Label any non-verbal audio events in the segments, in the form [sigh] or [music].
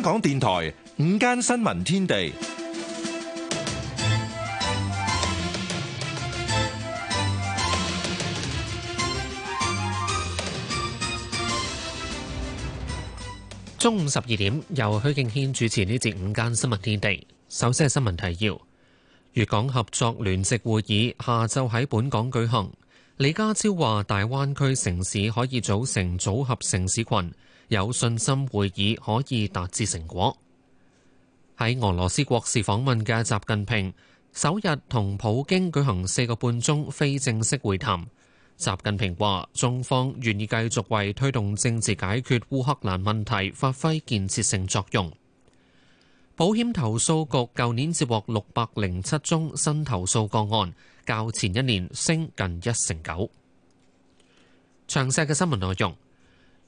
香港電台午間新聞天地，中午十二點由許敬軒主持呢節午間新聞天地。首先係新聞提要：粵港合作聯席會議下晝喺本港舉行。李家超話，大灣區城市可以組成組合城市群。有信心會議可以達至成果。喺俄羅斯國事訪問嘅習近平，首日同普京舉行四個半鐘非正式會談。習近平話：中方願意繼續為推動政治解決烏克蘭問題發揮建設性作用。保險投訴局舊年接獲六百零七宗新投訴個案，較前一年升近一成九。詳細嘅新聞內容。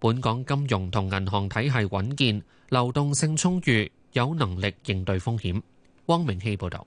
本港金融同銀行體系穩健，流動性充裕，有能力應對風險。汪明希報道。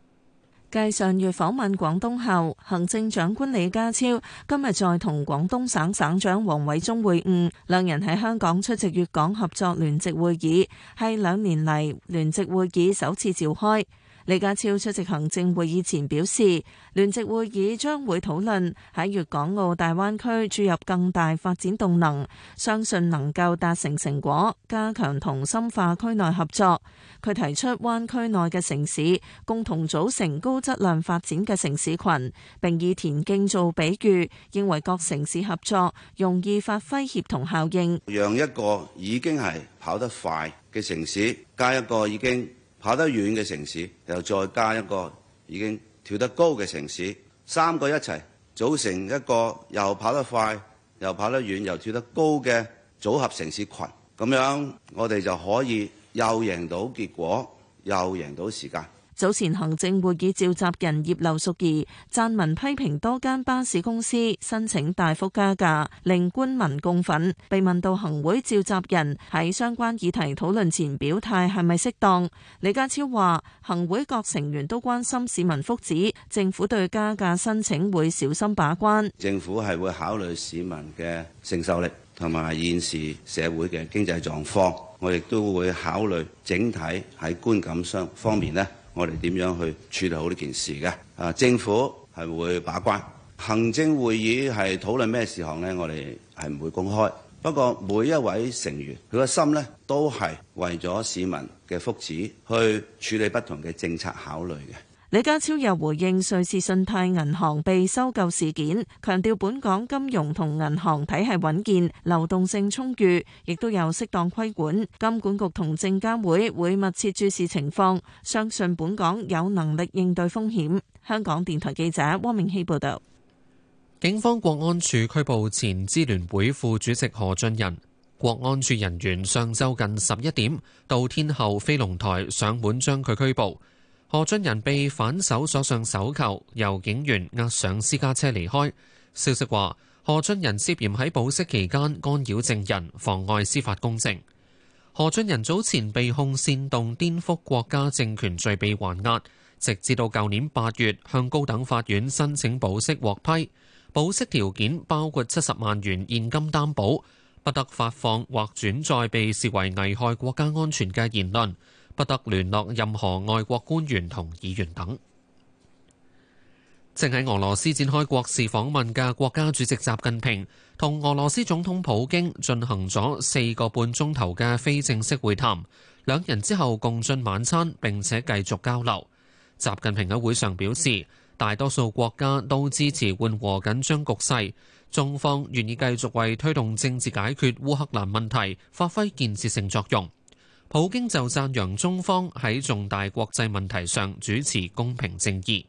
繼上月訪問廣東後，行政長官李家超今日再同廣東省，省省長黃偉忠會晤，兩人喺香港出席粵港合作聯席會議，係兩年嚟聯席會議首次召開。李家超出席行政會議前表示，聯席會議將會討論喺粵港澳大灣區注入更大發展動能，相信能夠達成成果，加強同深化區內合作。佢提出灣區內嘅城市共同組成高質量發展嘅城市群，並以田徑做比喻，認為各城市合作容易發揮協同效應。讓一個已經係跑得快嘅城市，加一個已經跑得遠嘅城市，又再加一個已經跳得高嘅城市，三個一齊組成一個又跑得快又跑得遠又跳得高嘅組合城市群，咁樣我哋就可以又贏到結果，又贏到時間。早前行政會議召集人葉劉淑儀撰文批評多間巴士公司申請大幅加價，令官民共憤。被問到行會召集人喺相關議題討論前表態係咪適當，李家超話：行會各成員都關心市民福祉，政府對加價申請會小心把關。政府係會考慮市民嘅承受力，同埋現時社會嘅經濟狀況。我亦都會考慮整體喺觀感商方面咧。我哋點樣去處理好呢件事嘅？啊，政府係會把關，行政會議係討論咩事項咧？我哋係唔會公開。不過每一位成員，佢個心咧，都係為咗市民嘅福祉去處理不同嘅政策考慮嘅。李家超又回應瑞士信貸銀行被收購事件，強調本港金融同銀行體系穩健，流動性充裕，亦都有適當規管。金管局同證監會會密切注視情況，相信本港有能力應對風險。香港電台記者汪明熙報道。警方國安處拘捕前支聯會副主席何俊仁，國安處人員上周近十一點到天后飛龍台上門將佢拘捕。何俊仁被反手鎖上手銬，由警員押上私家車離開。消息話，何俊仁涉嫌喺保釋期間干擾證人，妨礙司法公正。何俊仁早前被控煽動顛覆國家政權罪，被還押，直至到舊年八月向高等法院申請保釋獲批。保釋條件包括七十萬元現金擔保，不得發放或轉載被視為危害國家安全嘅言論。不得聯絡任何外國官員同議員等。正喺俄羅斯展開國事訪問嘅國家主席習近平同俄羅斯總統普京進行咗四個半鐘頭嘅非正式會談。兩人之後共進晚餐，並且繼續交流。習近平喺會上表示，大多數國家都支持緩和緊張局勢，中方願意繼續為推動政治解決烏克蘭問題發揮建設性作用。普京就讚揚中方喺重大國際問題上主持公平正義，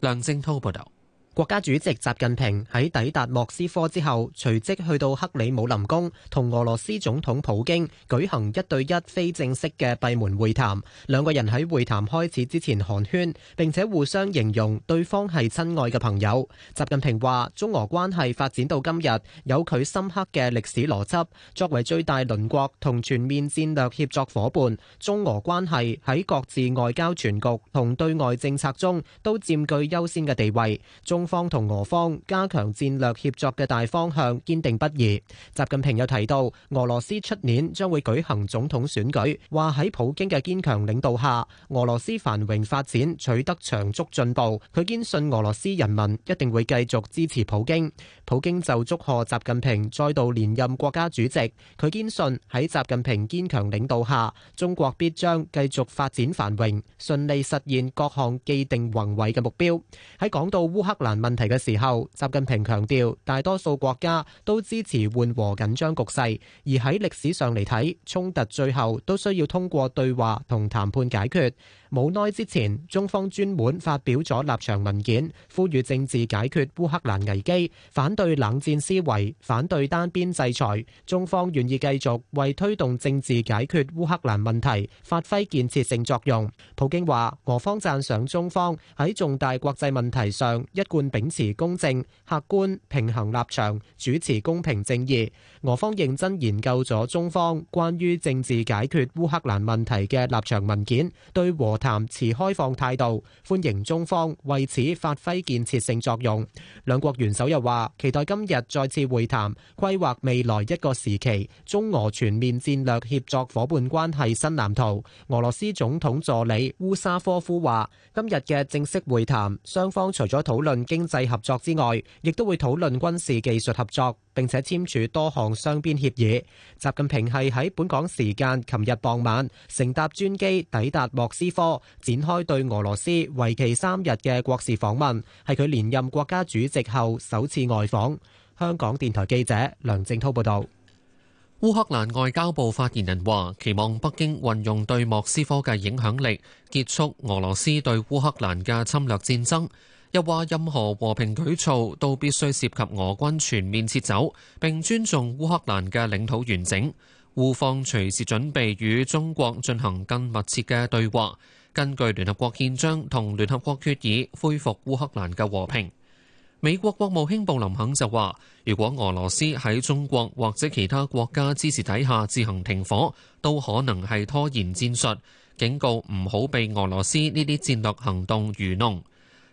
梁正濤報道。國家主席習近平喺抵達莫斯科之後隨即去到克里姆林宮同俄羅斯總統普京舉行一對一非正式嘅閉門會談，兩個人喺會談開始之前寒暄，並且互相形容對方係親愛嘅朋友。習近平話中俄關係發展到今日有佢深刻嘅歷史邏輯。作為最大鄰國同全面戰略協作伙伴，中俄關係喺各自外交全局同對外政策中都佔據優先嘅地位中方同俄方加強戰略協作嘅大方向堅定不移。習近平又提到，俄羅斯出年將會舉行總統選舉，話喺普京嘅堅強領導下，俄羅斯繁榮發展取得長足進步。佢堅信俄羅斯人民一定會繼續支持普京。普京就祝賀習近平再度連任國家主席，佢堅信喺習近平堅強領導下，中國必將繼續發展繁榮，順利實現各項既定宏偉嘅目標。喺講到烏克蘭問題嘅時候，習近平強調，大多數國家都支持緩和緊張局勢，而喺歷史上嚟睇，衝突最後都需要通過對話同談判解決。冇耐之前，中方專門發表咗立場文件，呼籲政治解決烏克蘭危機，反對冷戰思維，反對單邊制裁。中方願意繼續為推動政治解決烏克蘭問題發揮建設性作用。普京話：俄方讚賞中方喺重大國際問題上一貫秉持公正、客觀、平衡立場，主持公平正義。俄方認真研究咗中方關於政治解決烏克蘭問題嘅立場文件，對和談持開放態度，歡迎中方為此發揮建設性作用。兩國元首又話，期待今日再次會談，規劃未來一個時期中俄全面戰略協作夥伴關係新藍圖。俄羅斯總統助理烏沙科夫話，今日嘅正式會談，雙方除咗討論經濟合作之外，亦都會討論軍事技術合作。並且簽署多項雙邊協議。習近平係喺本港時間琴日傍晚乘搭專機抵達莫斯科，展開對俄羅斯為期三日嘅國事訪問，係佢連任國家主席後首次外訪。香港電台記者梁正滔報道。烏克蘭外交部發言人話：期望北京運用對莫斯科嘅影響力，結束俄羅斯對烏克蘭嘅侵略戰爭。又話任何和平舉措都必須涉及俄軍全面撤走，並尊重烏克蘭嘅領土完整。烏方隨時準備與中國進行更密切嘅對話，根據聯合國憲章同聯合國決議恢復烏克蘭嘅和平。美國國務卿布林肯就話，如果俄羅斯喺中國或者其他國家支持底下自行停火，都可能係拖延戰術，警告唔好被俄羅斯呢啲戰略行動愚弄。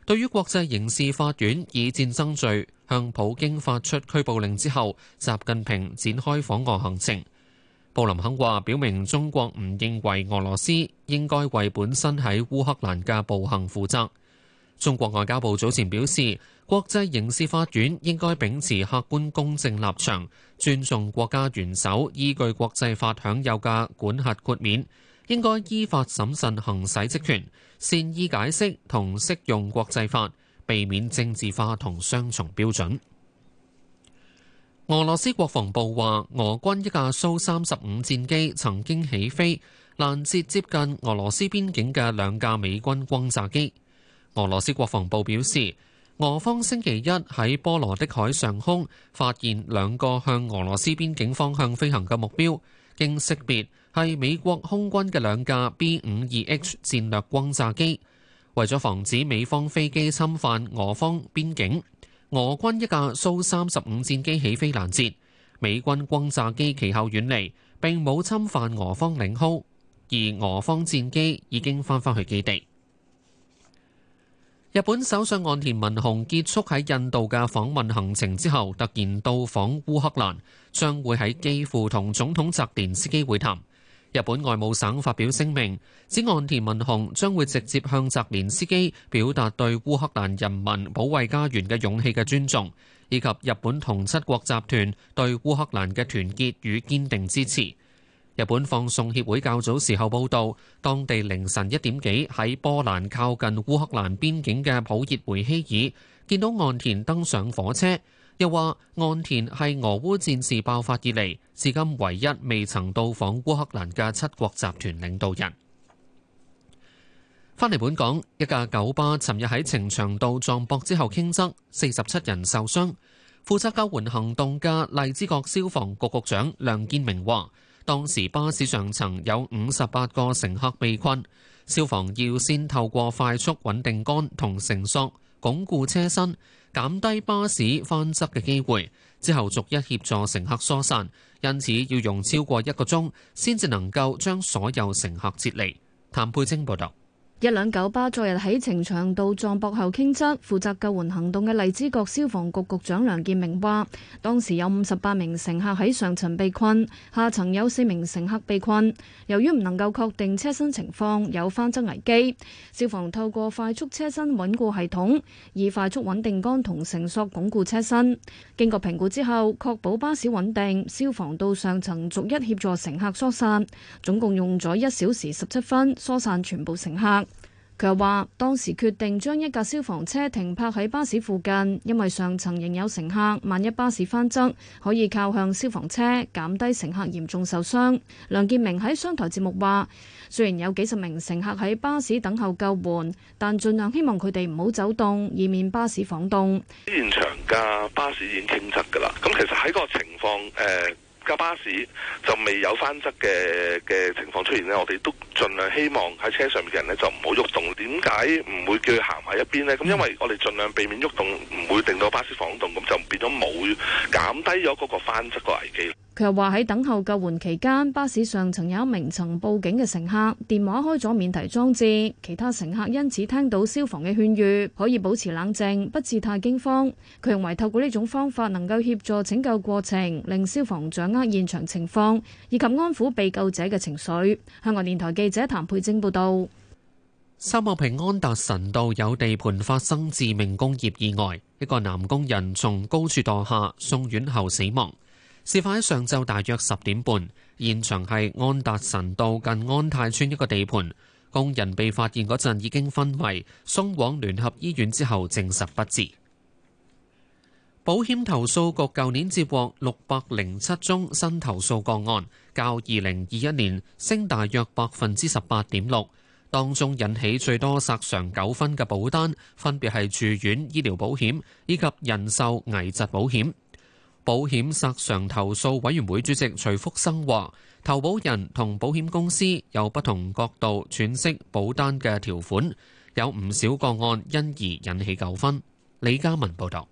對於國際刑事法院以戰爭罪向普京發出拘捕令之後，習近平展開訪俄行程。布林肯話：表明中國唔認為俄羅斯應該為本身喺烏克蘭嘅暴行負責。中國外交部早前表示，國際刑事法院應該秉持客觀公正立場，尊重國家元首依據國際法享有嘅管轄豁免，應該依法審慎行使職權，善意解釋同適用國際法，避免政治化同雙重標準。俄羅斯國防部話，俄軍一架蘇三十五戰機曾經起飛，攔截接接近俄羅斯邊境嘅兩架美軍轟炸機。俄羅斯國防部表示，俄方星期一喺波羅的海上空發現兩個向俄羅斯邊境方向飛行嘅目標，經識別，係美國空軍嘅兩架 B 五二 H 戰略轟炸機，為咗防止美方飛機侵犯俄方邊境，俄軍一架蘇三十五戰機起飛攔截，美軍轟炸機其後遠離並冇侵犯俄方領空，而俄方戰機已經翻返去基地。日本首相岸田文雄結束喺印度嘅訪問行程之後，突然到訪烏克蘭，將會喺基輔同總統澤連斯基會談。日本外務省發表聲明，指岸田文雄將會直接向澤連斯基表達對烏克蘭人民保衛家園嘅勇氣嘅尊重，以及日本同七國集團對烏克蘭嘅團結與堅定支持。日本放送協會較早時候報導，當地凌晨一點幾喺波蘭靠近烏克蘭邊境嘅普熱梅希爾，見到岸田登上火車。又話岸田係俄烏戰事爆發以嚟至今唯一未曾到訪烏克蘭嘅七國集團領導人。翻嚟本港，一架九巴尋日喺呈祥道撞壆之後傾側，四十七人受傷。負責救援行動嘅荔枝角消防局局長梁建明話：當時巴士上層有五十八個乘客被困，消防要先透過快速穩定杆同繩索鞏固車身。減低巴士翻側嘅機會，之後逐一協助乘客疏散，因此要用超過一個鐘先至能夠將所有乘客撤離。譚佩晶報道。一輛九巴昨日喺呈祥道撞壆後傾側，負責救援行動嘅荔枝角消防局局長梁建明話：當時有五十八名乘客喺上層被困，下層有四名乘客被困。由於唔能夠確定車身情況有翻側危機，消防透過快速車身穩固系統，以快速穩定杆同繩索鞏固車身。經過評估之後，確保巴士穩定，消防到上層逐一協助乘客疏散，總共用咗一小時十七分疏散全部乘客。佢又話：當時決定將一架消防車停泊喺巴士附近，因為上層仍有乘客，萬一巴士翻側，可以靠向消防車減低乘客嚴重受傷。梁建明喺商台節目話：雖然有幾十名乘客喺巴士等候救援，但盡量希望佢哋唔好走動，以免巴士晃動。現場嘅巴士已經傾側㗎啦，咁其實喺個情況誒。呃架巴士就未有翻側嘅嘅情況出現呢，我哋都盡量希望喺車上面嘅人呢，就唔好喐動。點解唔會叫佢行埋一邊呢？咁因為我哋盡量避免喐動，唔會令到巴士晃動，咁就變咗冇減低咗嗰個翻側個危機。佢又話：喺等候救援期間，巴士上曾有一名曾報警嘅乘客，電話開咗免提裝置，其他乘客因此聽到消防嘅勸喻，可以保持冷靜，不致太驚慌。佢認為透過呢種方法能夠協助拯救過程，令消防掌握現場情況，以及安撫被救者嘅情緒。香港電台記者譚佩晶報道：「三號平安達臣道有地盤發生致命工業意外，一個男工人從高處墮下，送院後死亡。事發喺上晝大約十點半，現場係安達臣道近安泰村一個地盤，工人被發現嗰陣已經昏迷，送往聯合醫院之後證實不治。保險投訴局舊年接獲六百零七宗新投訴個案，較二零二一年升大約百分之十八點六。當中引起最多索償糾紛嘅保單，分別係住院醫療保險以及人壽危疾保險。保險索償投訴委員會主席徐福生話：投保人同保險公司有不同角度詮釋保單嘅條款，有唔少個案因而引起糾紛。李嘉文報道，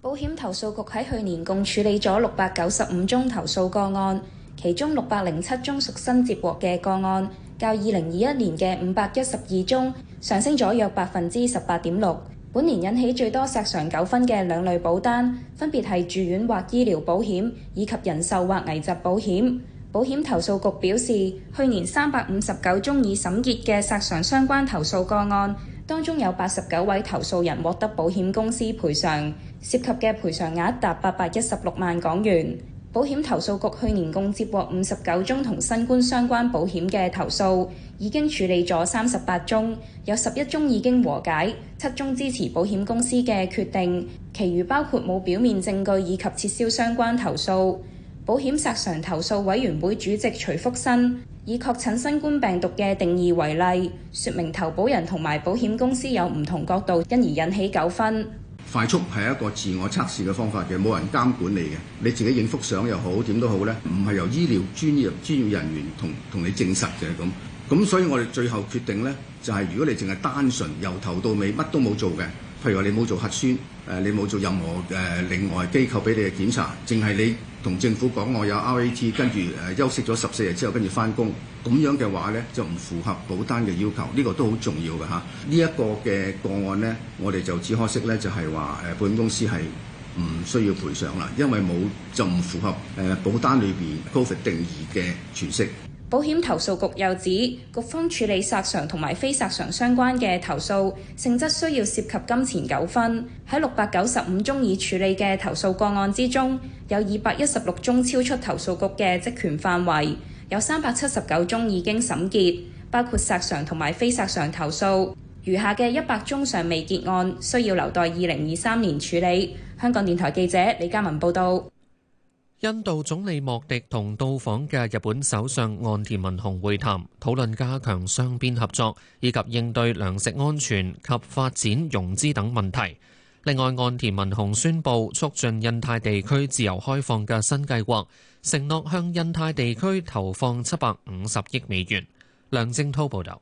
保險投訴局喺去年共處理咗六百九十五宗投訴個案，其中六百零七宗屬新接獲嘅個案，較二零二一年嘅五百一十二宗上升咗約百分之十八點六。本年引起最多索償糾紛嘅兩類保單，分別係住院或醫療保險以及人壽或危疾保險。保險投訴局表示，去年三百五十九宗已審結嘅索償相關投訴個案，當中有八十九位投訴人獲得保險公司賠償，涉及嘅賠償額達八百一十六萬港元。保險投訴局去年共接獲五十九宗同新冠相關保險嘅投訴。已經處理咗三十八宗，有十一宗已經和解，七宗支持保險公司嘅決定，其餘包括冇表面證據以及撤銷相關投訴。保險索償投訴委員會主席徐福新以確診新冠病毒嘅定義為例，説明投保人同埋保險公司有唔同角度，因而引起糾紛。快速係一個自我測試嘅方法嘅，冇人監管你嘅，你自己影幅相又好點都好咧，唔係由醫療專業專業人員同同你證實嘅咁，咁所以，我哋最後決定呢，就係如果你淨係單純由頭到尾乜都冇做嘅，譬如話你冇做核酸，誒你冇做任何誒另外機構俾你嘅檢查，淨係你同政府講我有 RAT，跟住誒休息咗十四日之後跟住返工，咁樣嘅話呢，就唔符合保單嘅要求，呢個都好重要嘅吓。呢一個嘅個案呢，我哋就只可惜呢，就係話誒保險公司係唔需要賠償啦，因為冇就唔符合誒保單裏邊 COVID 定義嘅詮釋。保險投訴局又指，局方處理索償同埋非索償相關嘅投訴，性質需要涉及金錢糾紛。喺六百九十五宗已處理嘅投訴個案之中，有二百一十六宗超出投訴局嘅職權範圍，有三百七十九宗已經審結，包括索償同埋非索償投訴。餘下嘅一百宗尚未結案，需要留待二零二三年處理。香港電台記者李嘉文報道。印度總理莫迪同到訪嘅日本首相岸田文雄會談，討論加強雙邊合作以及應對糧食安全及發展融資等問題。另外，岸田文雄宣布促進印太地區自由開放嘅新計劃，承諾向印太地區投放七百五十億美元。梁正濤報道。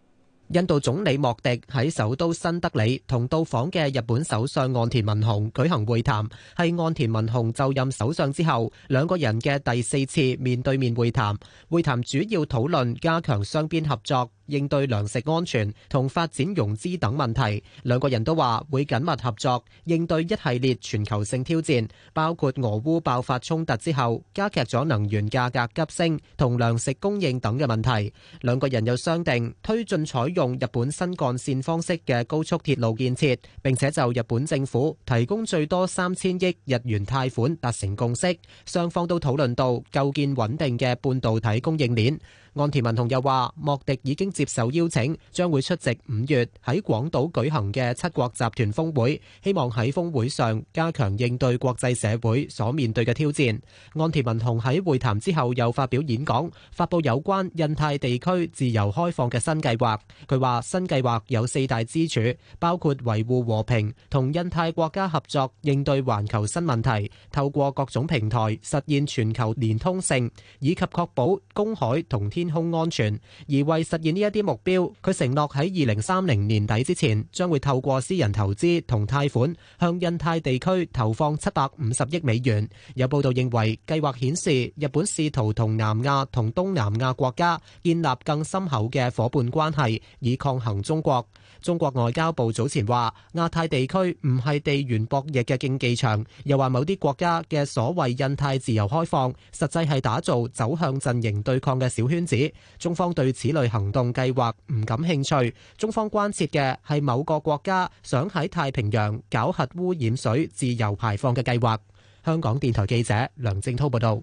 印度總理莫迪喺首都新德里同到訪嘅日本首相岸田文雄舉行會談，係岸田文雄就任首相之後兩個人嘅第四次面對面會談。會談主要討論加強雙邊合作應對糧食安全同發展融資等問題，兩個人都話會緊密合作應對一系列全球性挑戰，包括俄烏爆發衝突之後加劇咗能源價格急升同糧食供應等嘅問題。兩個人又商定推進採用日本新幹線方式嘅高速鐵路建設，並且就日本政府提供最多三千億日元貸款達成共識。雙方都討論到構建穩定嘅半導體供應鏈。岸田文雄又話：莫迪已經接受邀請，將會出席五月喺廣島舉行嘅七國集團峰會，希望喺峰會上加強應對國際社會所面對嘅挑戰。岸田文雄喺會談之後又發表演講，發布有關印太地區自由開放嘅新計劃。佢話新計劃有四大支柱，包括維護和平、同印太國家合作、應對環球新問題、透過各種平台實現全球連通性，以及確保公海同天空安全，而為實現呢一啲目標，佢承諾喺二零三零年底之前，將會透過私人投資同貸款向印太地區投放七百五十億美元。有報道認為，計劃顯示日本試圖同南亞同東南亞國家建立更深厚嘅伙伴關係，以抗衡中國。中國外交部早前話亞太地區唔係地緣博弈嘅競技場，又話某啲國家嘅所謂印太自由開放，實際係打造走向陣營對抗嘅小圈子。中方對此類行動計劃唔感興趣，中方關切嘅係某個國家想喺太平洋搞核污染水自由排放嘅計劃。香港電台記者梁正滔報道。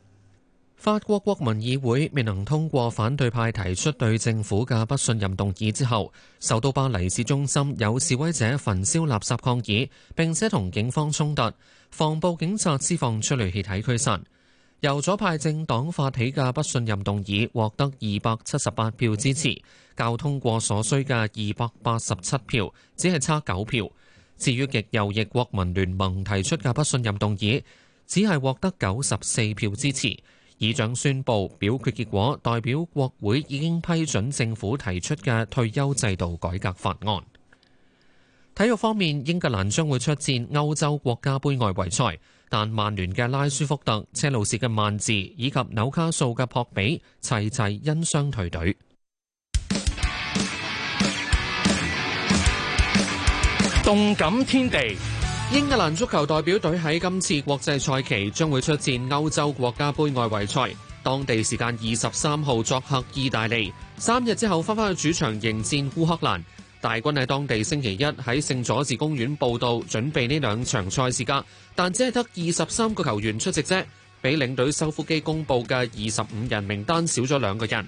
法國國民議會未能通過反對派提出對政府嘅不信任動議之後，受到巴黎市中心有示威者焚燒垃圾抗議，並且同警方衝突，防暴警察施放催淚氣體驅散。由左派政黨發起嘅不信任動議獲得二百七十八票支持，較通過所需嘅二百八十七票只係差九票。至於極右翼國民聯盟提出嘅不信任動議，只係獲得九十四票支持。議長宣布表決結果，代表國會已經批准政府提出嘅退休制度改革法案。體育方面，英格蘭將會出戰歐洲國家盃外圍賽，但曼聯嘅拉舒福特、車路士嘅曼字以及紐卡素嘅撲比齊齊因傷退隊。動感天地。英格蘭足球代表隊喺今次國際賽期將會出戰歐洲國家杯外圍賽，當地時間二十三號作客意大利，三日之後翻返去主場迎戰烏克蘭。大軍喺當地星期一喺聖佐治公園報到，準備呢兩場賽事噶，但只係得二十三個球員出席啫，比領隊修夫基公布嘅二十五人名單少咗兩個人。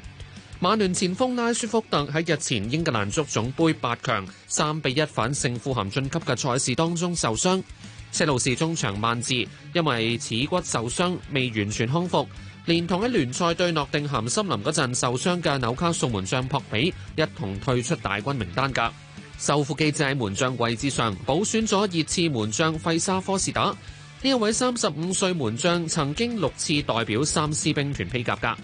曼聯前鋒拉舒福特喺日前英格蘭足總杯八強三比一反勝富咸晉級嘅賽事當中受傷，車路士中場萬字因為恥骨受傷未完全康復，連同喺聯賽對諾定咸森林嗰陣受傷嘅紐卡素門將撲比一同退出大軍名單噶。受副機制喺門將位置上補選咗熱刺門將費沙科士打，呢一位三十五歲門將曾經六次代表三獅兵團披甲噶。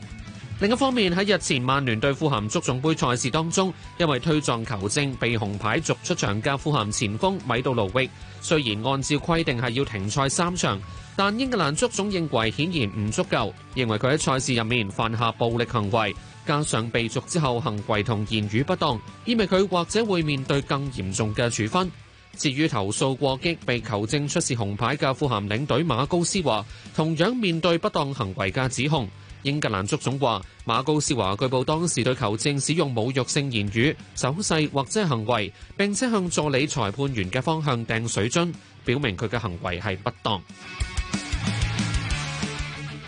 另一方面，喺日前曼聯對富鹹足總杯賽事當中，因為推撞球證被紅牌逐出場嘅富鹹前鋒米杜勞域，雖然按照規定係要停賽三場，但英格蘭足總認為顯然唔足夠，認為佢喺賽事入面犯下暴力行為，加上被逐之後行為同言語不當，意味佢或者會面對更嚴重嘅處分。至於投訴過激被球證出示紅牌嘅富鹹領隊馬高斯華，同樣面對不當行為嘅指控。英格蘭足總話，馬高斯華據報當時對球證使用侮辱性言語、手勢或者行為，並且向助理裁判員嘅方向掟水樽，表明佢嘅行為係不當。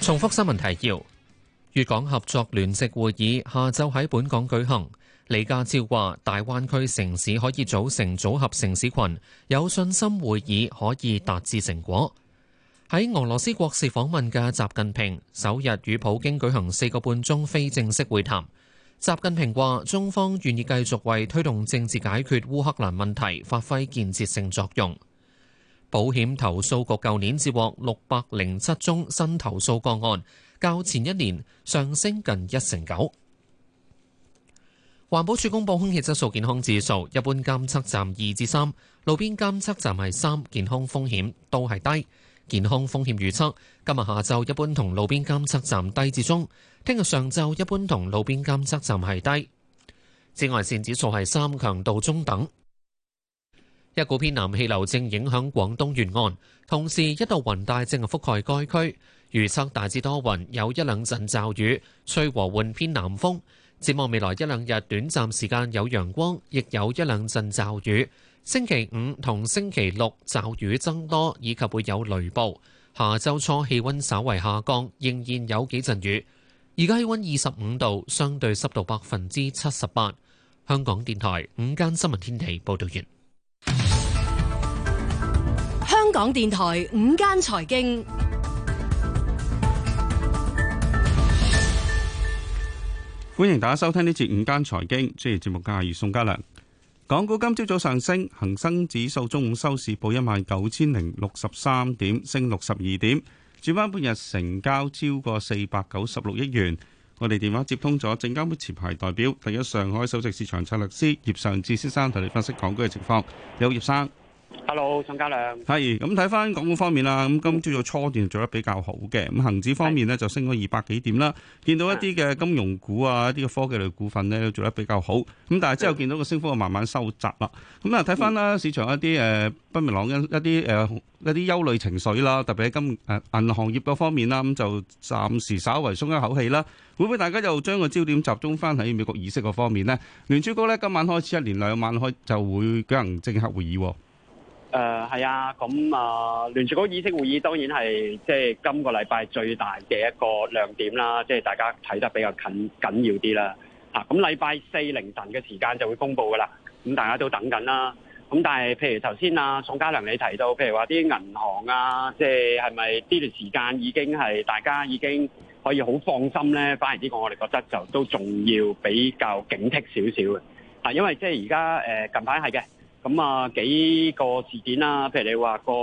重複新聞提要：粵港合作聯席會議下晝喺本港舉行，李家超話大灣區城市可以組成組合城市群，有信心會議可以達至成果。喺俄羅斯國事訪問嘅習近平首日與普京舉行四個半鐘非正式會談。習近平話，中方願意繼續為推動政治解決烏克蘭問題發揮建設性作用。保險投訴局舊年接獲六百零七宗新投訴個案，較前一年上升近一成九。環保署公布空氣質素健康指數，一般監測站二至三，路邊監測站係三，健康風險都係低。健康風險預測，今日下晝一般同路邊監測站低至中，聽日上晝一般同路邊監測站係低。紫外線指數係三，強度中等。一股偏南氣流正影響廣東沿岸，同時一道雲帶正覆蓋該區，預測大致多雲，有一兩陣驟雨，吹和緩偏南風。展望未來一兩日，短暫時間有陽光，亦有一兩陣驟雨。星期五同星期六驟雨增多，以及會有雷暴。下週初氣溫稍為下降，仍然有幾陣雨。而家氣溫二十五度，相對濕度百分之七十八。香港電台午間新聞天地報道完。香港電台午間財經，歡迎大家收聽呢節午間財經，主持節目嘅係宋嘉良。港股今朝早上升，恒生指數中午收市報一萬九千零六十三點，升六十二點。主板半日成交超過四百九十六億元。我哋電話接通咗證監會前排代表，第一上海首席市場策略師葉尚志先生同你分析港股嘅情況。有葉生。hello，陳嘉良。係咁睇翻港股方面啦。咁今朝早初段做得比較好嘅，咁，恒指方面呢就升咗二百幾點啦。見到一啲嘅金融股啊，一啲嘅科技類股份呢都做得比較好。咁但係之後見到個升幅慢慢收窄啦。咁啊睇翻啦，市場一啲誒、呃、不明朗一啲誒、呃、一啲憂慮情緒啦，特別喺金誒銀行業嗰方面啦，咁就暫時稍為鬆一口氣啦。會唔會大家又將個焦點集中翻喺美國議息嗰方面呢？聯儲局呢，今晚開始一年兩晚開就會舉行政客會議。誒係、呃、啊，咁啊聯儲局議息會議當然係即係今個禮拜最大嘅一個亮點啦，即係大家睇得比較緊緊要啲啦。嚇、啊，咁禮拜四凌晨嘅時間就會公布噶啦，咁、嗯、大家都等緊啦。咁、嗯、但係譬如頭先啊宋嘉良你提到，譬如話啲銀行啊，即係係咪呢段時間已經係大家已經可以好放心咧？反而呢個我哋覺得就都仲要，比較警惕少少嘅嚇，因為即係而家誒近排係嘅。咁啊幾個事件啦，譬如你話個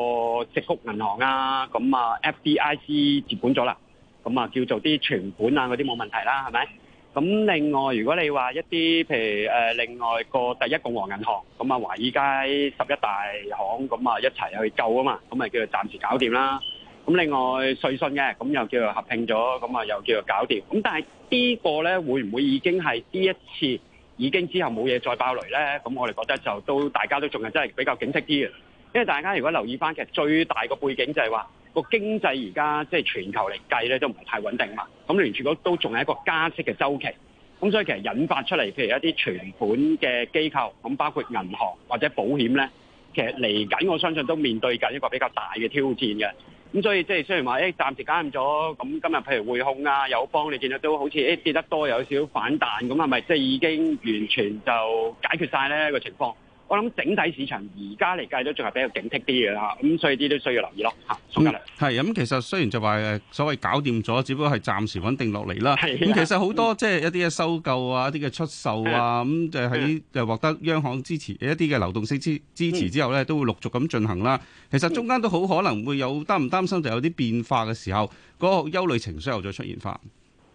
積福銀行啊，咁啊 F.D.I.C 接管咗啦，咁啊叫做啲存款啊嗰啲冇問題啦，係咪？咁另外如果你話一啲譬如誒、呃、另外個第一共和銀行，咁啊華爾街十一大行，咁啊一齊去救啊嘛，咁咪叫做暫時搞掂啦。咁另外瑞信嘅，咁又叫做合併咗，咁啊又叫做搞掂。咁但係呢個咧會唔會已經係呢一次？已經之後冇嘢再爆雷咧，咁我哋覺得就都大家都仲係真係比較警惕啲嘅，因為大家如果留意翻其實最大個背景就係話個經濟而家即係全球嚟計咧都唔係太穩定嘛，咁聯儲局都仲係一個加息嘅周期，咁所以其實引發出嚟譬如一啲存款嘅機構，咁包括銀行或者保險咧，其實嚟緊我相信都面對緊一個比較大嘅挑戰嘅。咁、嗯、所以即係雖然話誒、哎、暫時減咗，咁、嗯、今日譬如匯控啊、友邦，你見到都好似、哎、跌得多，有少少反彈，咁係咪即係已經完全就解決曬呢、這個情況？我諗整體市場而家嚟計都仲係比較警惕啲嘅啦，咁所以啲都需要留意咯。嚇，宋嘉良係咁，其實雖然就話誒所謂搞掂咗，只不過係暫時穩定落嚟啦。咁的其實好多、嗯、即係一啲嘅收購啊，一啲嘅出售啊，咁就喺就獲得央行支持一啲嘅流動性支支持之後咧，嗯、都會陸續咁進行啦。其實中間都好可能會有擔唔擔心就有啲變化嘅時候，嗰、那個憂慮情緒又再出現返。誒、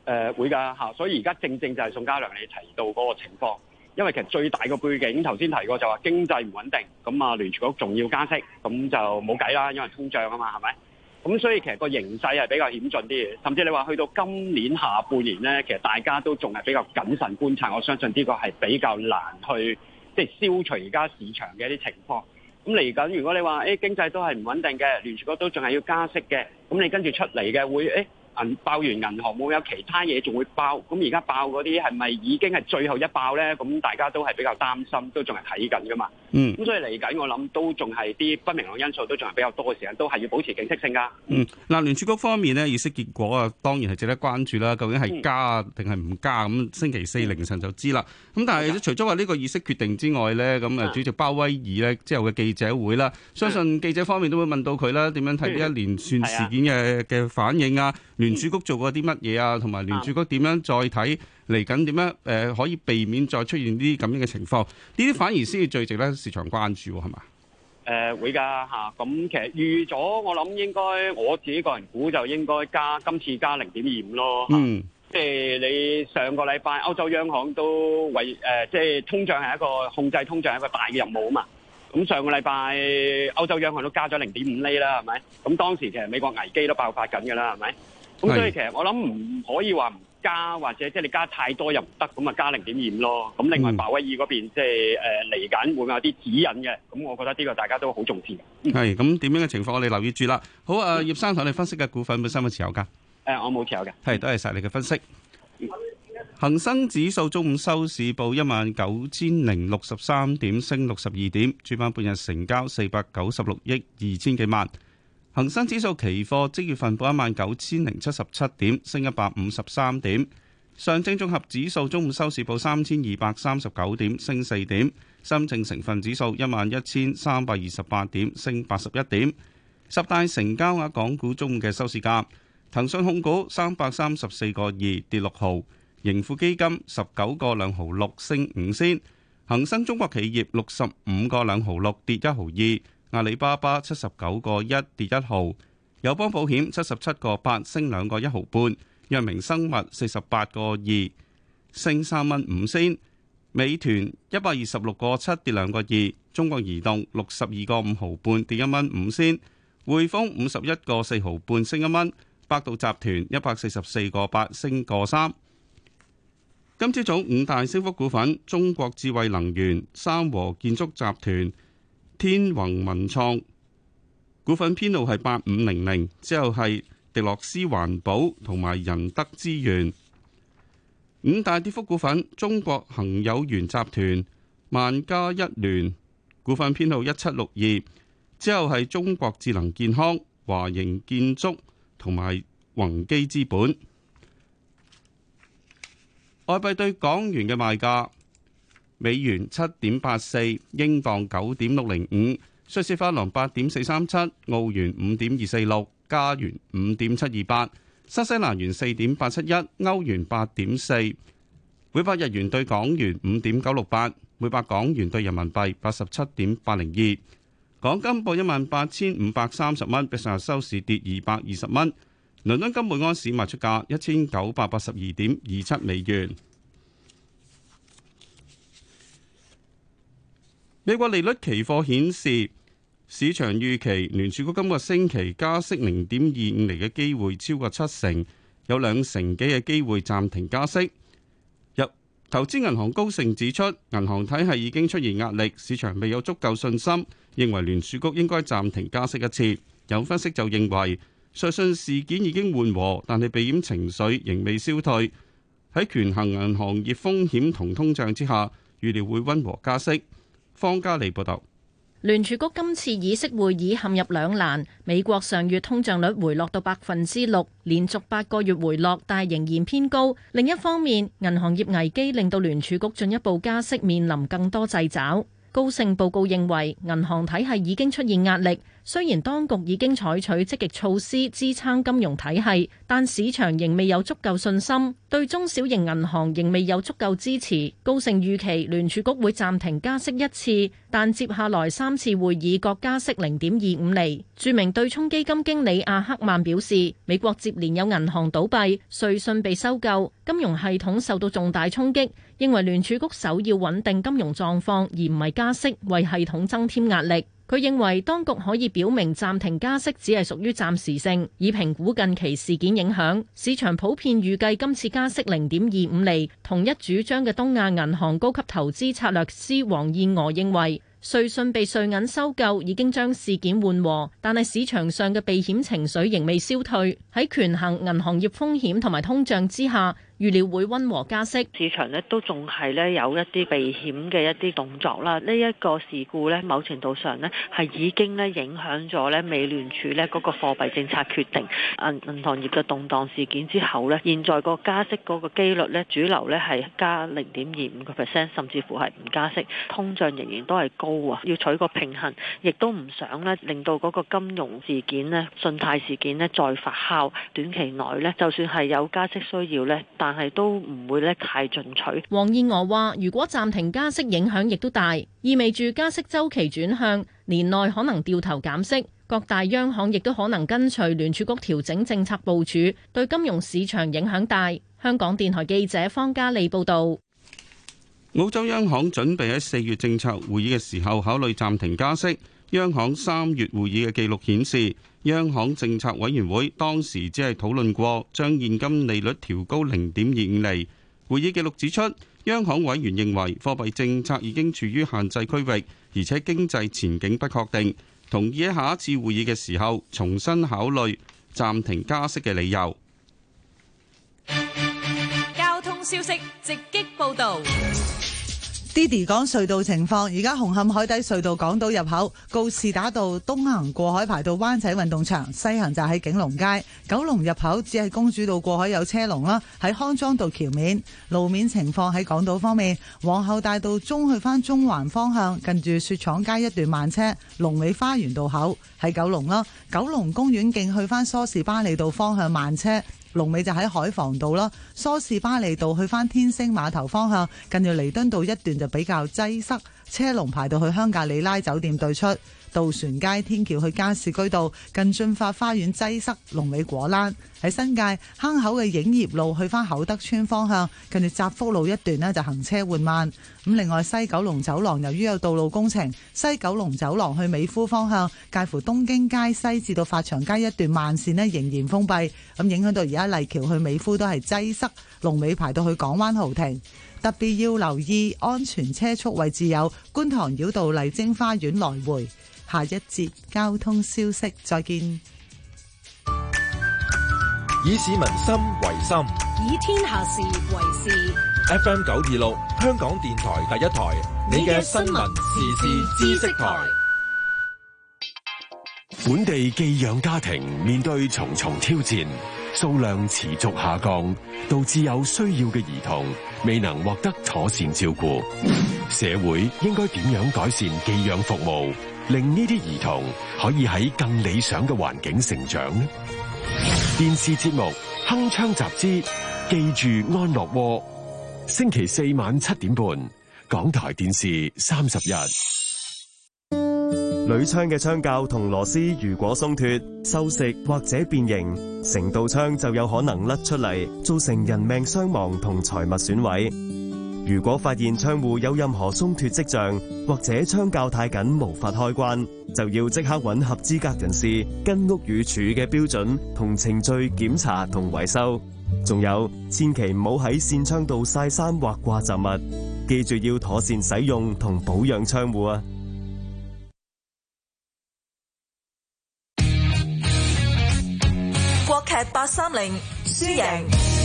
嗯、會㗎嚇、啊，所以而家正正就係宋嘉良你提到嗰個情況。因為其實最大個背景頭先提過就話經濟唔穩定，咁啊聯儲局仲要加息，咁就冇計啦，因為通脹啊嘛，係咪？咁所以其實個形勢係比較險峻啲，甚至你話去到今年下半年呢，其實大家都仲係比較謹慎觀察，我相信呢個係比較難去即係，就是，消除而家市場嘅一啲情況。咁嚟緊如果你話誒、哎、經濟都係唔穩定嘅，聯儲局都仲係要加息嘅，咁你跟住出嚟嘅會誒？哎銀爆完銀行，冇有其他嘢仲會爆？咁而家爆嗰啲係咪已經係最後一爆呢？咁大家都係比較擔心，都仲係睇緊㗎嘛。嗯，咁所以嚟緊我諗都仲係啲不明朗因素，都仲係比較多嘅時間，都係要保持警惕性噶。嗯，嗱，聯儲局方面呢，議息結果啊，當然係值得關注啦。究竟係加啊，定係唔加咁、嗯？星期四凌晨就知啦。咁但係除咗話呢個議息決定之外呢，咁啊、嗯，主席鮑威爾呢之後嘅記者會啦，相信記者方面都會問到佢啦，點樣睇呢一連串事件嘅嘅反應啊？聯儲、嗯嗯、局做過啲乜嘢啊？同埋聯儲局點樣再睇、嗯？嚟緊點樣？誒、呃，可以避免再出現呢啲咁樣嘅情況，呢啲反而先至最值得市場關注係嘛？誒、呃，會噶吓，咁、啊、其實預咗，我諗應該我自己個人估就應該加今次加零點二五咯吓。即係、嗯啊、你上個禮拜歐洲央行都為誒、呃，即係通脹係一個控制通脹係一個大嘅任務啊嘛。咁上個禮拜歐洲央行都加咗零點五厘啦，係咪？咁當時其實美國危機都爆發緊㗎啦，係咪？咁所以其實我諗唔可以話唔。加或者即係你加太多又唔得，咁啊加零點二五咯。咁另外，鮑、嗯、威爾嗰邊即係誒嚟緊會有啲指引嘅，咁我覺得呢個大家都好重視。係咁點樣嘅情況，我哋留意住啦。好啊，葉生同你分析嘅股份本身有冇持有噶？誒、呃，我冇持有嘅。係，多謝晒你嘅分析。恒、嗯、生指數中午收市報一萬九千零六十三點，升六十二點，主板半日成交四百九十六億二千幾萬。恒生指數期貨即月份報一萬九千零七十七點，升一百五十三點。上證綜合指數中午收市報三千二百三十九點，升四點。深證成分指數一萬一千三百二十八點，升八十一點。十大成交額港股中午嘅收市價：騰訊控股三百三十四個二跌六毫，盈富基金十九個兩毫六升五仙，恒生中國企業六十五個兩毫六跌一毫二。阿里巴巴七十九個一跌一毫，友邦保險七十七個八升兩個一毫半，藥明生物四十八個二升三蚊五仙，美團一百二十六個七跌兩個二，中國移動六十二個五毫半跌一蚊五仙，匯豐五十一個四毫半升一蚊，百度集團一百四十四個八升個三。今朝早五大升幅股份：中國智慧能源、三和建築集團。天宏文創股份編號係八五零零，之後係迪洛斯環保同埋仁德資源五大跌幅股份：中國恒友元集團、萬家一聯股份編號一七六二，之後係中國智能健康、華盈建築同埋宏基資本。外幣對港元嘅賣價。美元七點八四，英鎊九點六零五，瑞士法郎八點四三七，澳元五點二四六，加元五點七二八，新西蘭元四點八七一，歐元八點四，每百日元對港元五點九六八，每百港元對人民幣八十七點八零二。港金報一萬八千五百三十蚊，比上日收市跌二百二十蚊。倫敦金每安士賣出價一千九百八十二點二七美元。美國利率期貨顯示，市場預期聯儲局今個星期加息零點二五厘嘅機會超過七成，有兩成幾嘅機會暫停加息。入投資銀行高盛指出，銀行體系已經出現壓力，市場未有足夠信心，認為聯儲局應該暫停加息一次。有分析就認為，瑞信事件已經緩和，但係避險情緒仍未消退。喺權衡銀行業風險同通脹之下，預料會溫和加息。方家莉報道，聯儲局今次議息會議陷入兩難。美國上月通脹率回落到百分之六，連續八個月回落，但係仍然偏高。另一方面，銀行業危機令到聯儲局進一步加息，面臨更多掣肘。高盛報告認為，銀行體系已經出現壓力。雖然當局已經採取積極措施支撐金融體系，但市場仍未有足夠信心，對中小型銀行仍未有足夠支持。高盛預期聯儲局會暫停加息一次，但接下來三次會議各加息零點二五厘。著名對沖基金經理阿克曼表示，美國接連有銀行倒閉、瑞信被收購，金融系統受到重大衝擊，認為聯儲局首要穩定金融狀況，而唔係加息為系統增添壓力。佢認為當局可以表明暫停加息只係屬於暫時性，以評估近期事件影響。市場普遍預計今次加息零點二五厘。同一主張嘅東亞銀行高級投資策略師黃燕娥認為，瑞信被瑞銀收購已經將事件緩和，但係市場上嘅避險情緒仍未消退。喺權衡銀行業風險同埋通脹之下，預料會溫和加息，市場咧都仲係咧有一啲避險嘅一啲動作啦。呢、這、一個事故咧，某程度上咧係已經咧影響咗咧美聯儲咧嗰個貨幣政策決定。銀銀行業嘅動盪事件之後咧，現在個加息嗰個機率咧，主流咧係加零點二五個 percent，甚至乎係唔加息。通脹仍然都係高啊，要取個平衡，亦都唔想咧令到嗰個金融事件咧、信貸事件咧再發酵。短期內咧，就算係有加息需要咧，但係都唔會咧太進取。黃燕娥話：如果暫停加息影響亦都大，意味住加息周期轉向，年內可能掉頭減息。各大央行亦都可能跟隨聯儲局調整政策部署，對金融市場影響大。香港電台記者方嘉利報道。澳洲央行準備喺四月政策會議嘅時候考慮暫停加息。央行三月會議嘅記錄顯示，央行政策委員會當時只係討論過將現金利率調高零點二五厘。會議記錄指出，央行委員認為貨幣政策已經處於限制區域，而且經濟前景不確定，同意喺下一次會議嘅時候重新考慮暫停加息嘅理由。交通消息直擊報道。Diddy 講隧道情況，而家紅磡海底隧道港島入口告士打道東行過海排到灣仔運動場，西行就喺景隆街；九龍入口只係公主道過海有車龍啦，喺康莊道橋面。路面情況喺港島方面，皇后大道中去翻中環方向，近住雪廠街一段慢車，龍尾花園道口喺九龍啦；九龍公園徑去翻梳士巴利道方向慢車。龍尾就喺海防道啦，梳士巴利道去翻天星碼頭方向，近住彌敦道一段就比較擠塞，車龍排到去香格里拉酒店對出。渡船街天橋去加士居道、近駿發花園擠塞龍尾果欄；喺新界坑口嘅影業路去翻厚德村方向，近住澤福路一段呢就行車緩慢。咁另外西九龍走廊由於有道路工程，西九龍走廊去美孚方向介乎東京街西至到發祥街一段慢綫呢仍然封閉，咁影響到而家麗橋去美孚都係擠塞龍尾，龍排到去港灣豪庭。特別要留意安全車速位置有觀塘繞道麗晶花園來回。下一節交通消息，再見。以市民心為心，以天下事為事。FM 九二六，香港電台第一台，你嘅新聞時事知識台。本地寄養家庭面對重重挑戰，數量持續下降，導致有需要嘅兒童未能獲得妥善照顧。 [laughs] 社會應該點樣改善寄養服務？令呢啲兒童可以喺更理想嘅環境成長呢？電視節目鏗鏘集之，記住安樂窩，哦。星期四晚七點半，港台電視三十日。鋁窗嘅窗鉸同螺絲如果鬆脫、鏽蝕或者變形，成道窗就有可能甩出嚟，造成人命傷亡同財物損毀。如果發現窗戶有任何鬆脱跡象，或者窗鉸太緊無法開關，就要即刻揾合資格人士，跟屋宇署嘅標準同程序檢查同維修。仲有，千祈唔好喺扇窗度晒衫或掛雜物。記住要妥善使用同保養窗戶啊！國劇八三零輸贏。輸贏。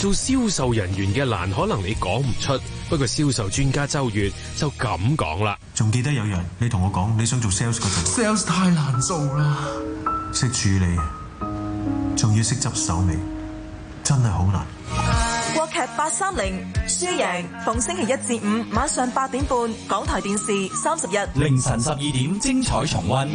做銷售人員嘅難，可能你講唔出。不過銷售專家周月就咁講啦。仲記得有人你同我講你想做 sales 個陣？sales 太難做啦，識處理，仲要識執手尾，真係好難。國劇八三零輸贏，逢星期一至五晚上八點半，港台電視三十日凌晨十二點精彩重溫。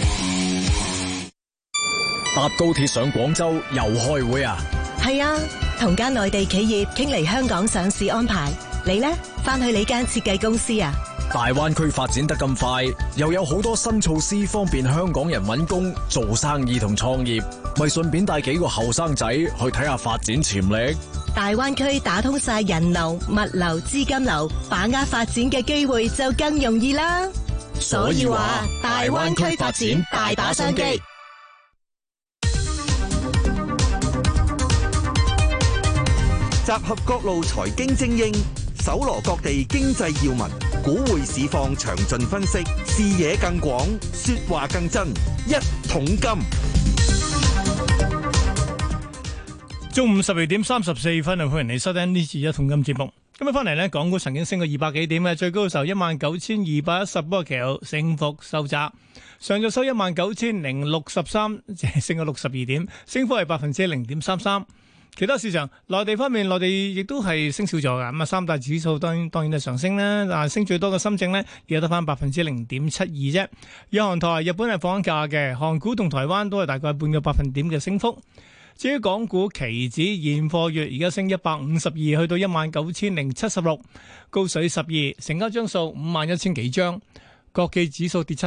搭高鐵上廣州又開會啊？係啊。同間內地企業傾嚟香港上市安排，你呢？翻去你間設計公司啊？大灣區發展得咁快，又有好多新措施方便香港人揾工、做生意同創業，咪順便帶幾個後生仔去睇下發展潛力。大灣區打通晒人流、物流、資金流，把握發展嘅機會就更容易啦。所以話，大灣區發展大把商機。集合各路財經精英，搜羅各地經濟要聞，股匯市況詳盡分析，視野更廣，說話更真。一桶金，中午十二點三十四分啊！歡迎你收聽呢次一桶金節目。今日翻嚟咧，港股曾經升過二百幾點啊，最高嘅時候一萬九千二百一十波，條，升幅收窄，上晝，收一萬九千零六十三，淨係升咗六十二點，升幅係百分之零點三三。其他市場內地方面，內地亦都係升少咗噶，咁啊。三大指數當然當然係上升啦，但係升最多嘅深證呢，而家得翻百分之零點七二啫。日韓台，日本係放緊假嘅，韓股同台灣都係大概半個百分點嘅升幅。至於港股期指現貨月而家升一百五十二，去到一萬九千零七十六，高水十二，成交張數五萬一千幾張。國際指數跌七。